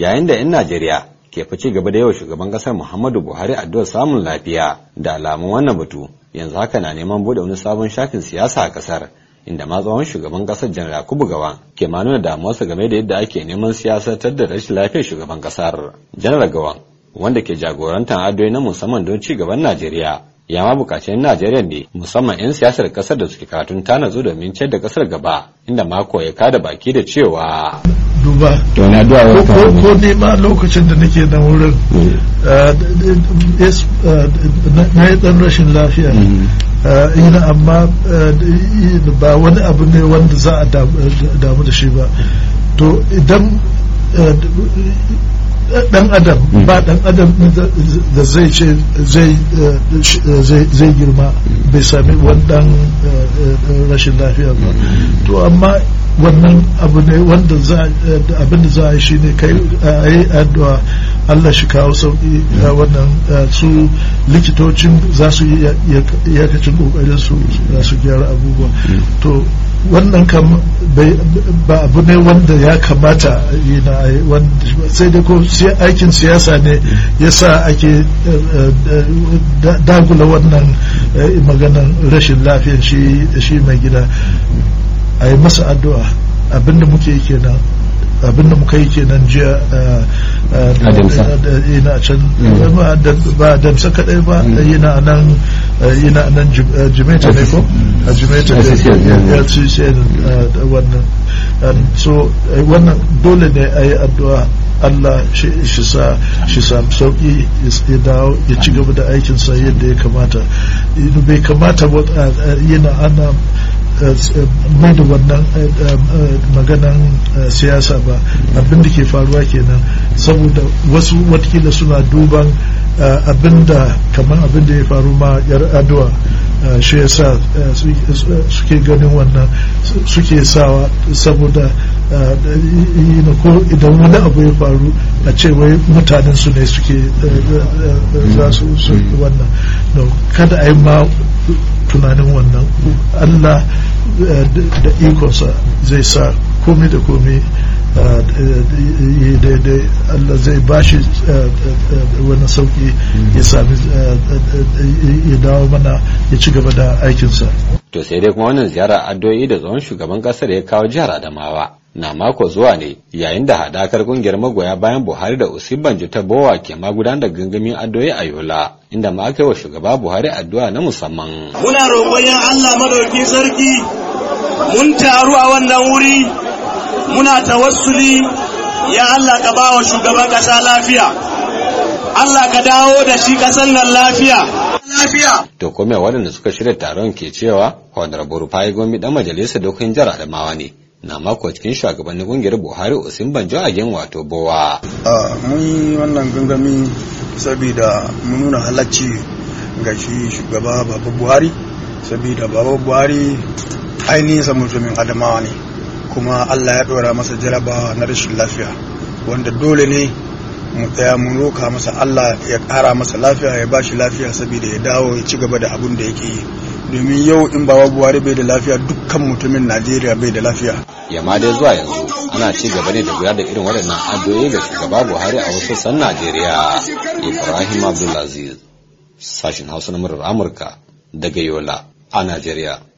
yayin da 'yan najeriya ke fice gaba da yau shugaban kasar muhammadu buhari addu'ar samun lafiya da alamun wannan batu yanzu haka na neman bude wani sabon shafin siyasa a kasar inda ma tsohon shugaban kasar janar yakubu gawan ke ma nuna damuwarsa game da yadda ake neman siyasantar da rashin lafiyar shugaban kasar janar gawan wanda ke jagorantar adoyi na musamman don ci gaban najeriya ya ma bukaci Najeriya ne musamman 'yan siyasar kasar da suke katun tanazu domin ciyar da kasar gaba inda mako ya kada baki da cewa duba ko ne ma lokacin da nake nan wurin na yi dan rashin lafiya mm. eh, ina amma eh, ba wani abu ne wanda za a damu da shi ba to idan eh, dan adam hmm. ba dan adam da zai ce eh, eh, zai girma bai sami wannan eh, rashin lafiya ba hmm. to amma wannan abu ne wanda abin da za a yi shi ne kai a yi addu'a Allah shi kawo sauki a hmm. wannan su likitocin za su yi iyakacin kokarin su su gyara abubuwa to wannan kam ba abu ne wanda ya kamata yi na wanda sai da ko aikin siyasa ne ya sa ake eh, eh, eh, dagula wannan maganan rashin lafiyan shi mai gida a yi masa addu'a abinda muke kenan abinda muka yi kenan jiya yana can mm. ba damsa kadai ba mm. yana nan yana nan jimaita ne ko a jimaita mm. ne ya ci wannan so wannan dole ne a yi addu'a Allah shi sa shi samu sauki ya dawo ya ci gaba da aikin sa yadda ya kamata bai kamata ba yana ana mai da wannan maganan siyasa ba abin da ke faruwa kenan saboda wasu watakila suna duban abin da kamar abin da ya faru ma yar adwa shi ya sa suke ganin wannan suke sawa saboda ko idan wani abu ya faru a ce wai mutanen su ne suke eh, eh, eh, za su wannan kada a yi ma tunanin wannan allah da ikonsa zai sa komi da komi daidai Allah zai bashi wani sauki ya sami ya dawo mana ya ci gaba da aikinsa. To sai dai kuma wannan ziyara addu'o'i da tsohon shugaban kasar ya kawo jihar Adamawa na mako zuwa ne yayin da hadakar kungiyar magoya bayan Buhari da Usman Banjo ta Bowa ke gudanar da gangamin addoyi a Yola inda ma aka yi wa shugaba Buhari addu'a na musamman. Muna roƙon yan Allah madaukin sarki mun taru a wannan wuri muna tawassuli ya Allah ka ba wa shugaban ƙasa lafiya. Allah ka dawo da shi ƙasar nan lafiya. To kome waɗanda suka shirya taron ke cewa Honorable Rufai gomi dan majalisar dokokin jihar Adamawa ne na mako cikin shugabannin kungiyar buhari usin banjo a gen wato bowa mun yi wannan gangami saboda mun nuna halacci ga shi shugaba baba buhari saboda baba buhari ainihin mutumin adamawa ne kuma allah ya ɗora masa jaraba na rashin lafiya wanda dole ne mu tsaya mun roka masa allah ya ƙara masa lafiya ya ba shi lafiya saboda ya dawo ya ci gaba da abun da yake yi domin yau in ba buhari bai da lafiya dukkan mutumin najeriya bai da lafiya yamma dai zuwa yanzu ana ci gaba ne da gudanar da irin waɗannan addu'o'i ga shugaba buhari a wasu san najeriya ibrahim abdulaziz sashen hausa na murar amurka daga yola a najeriya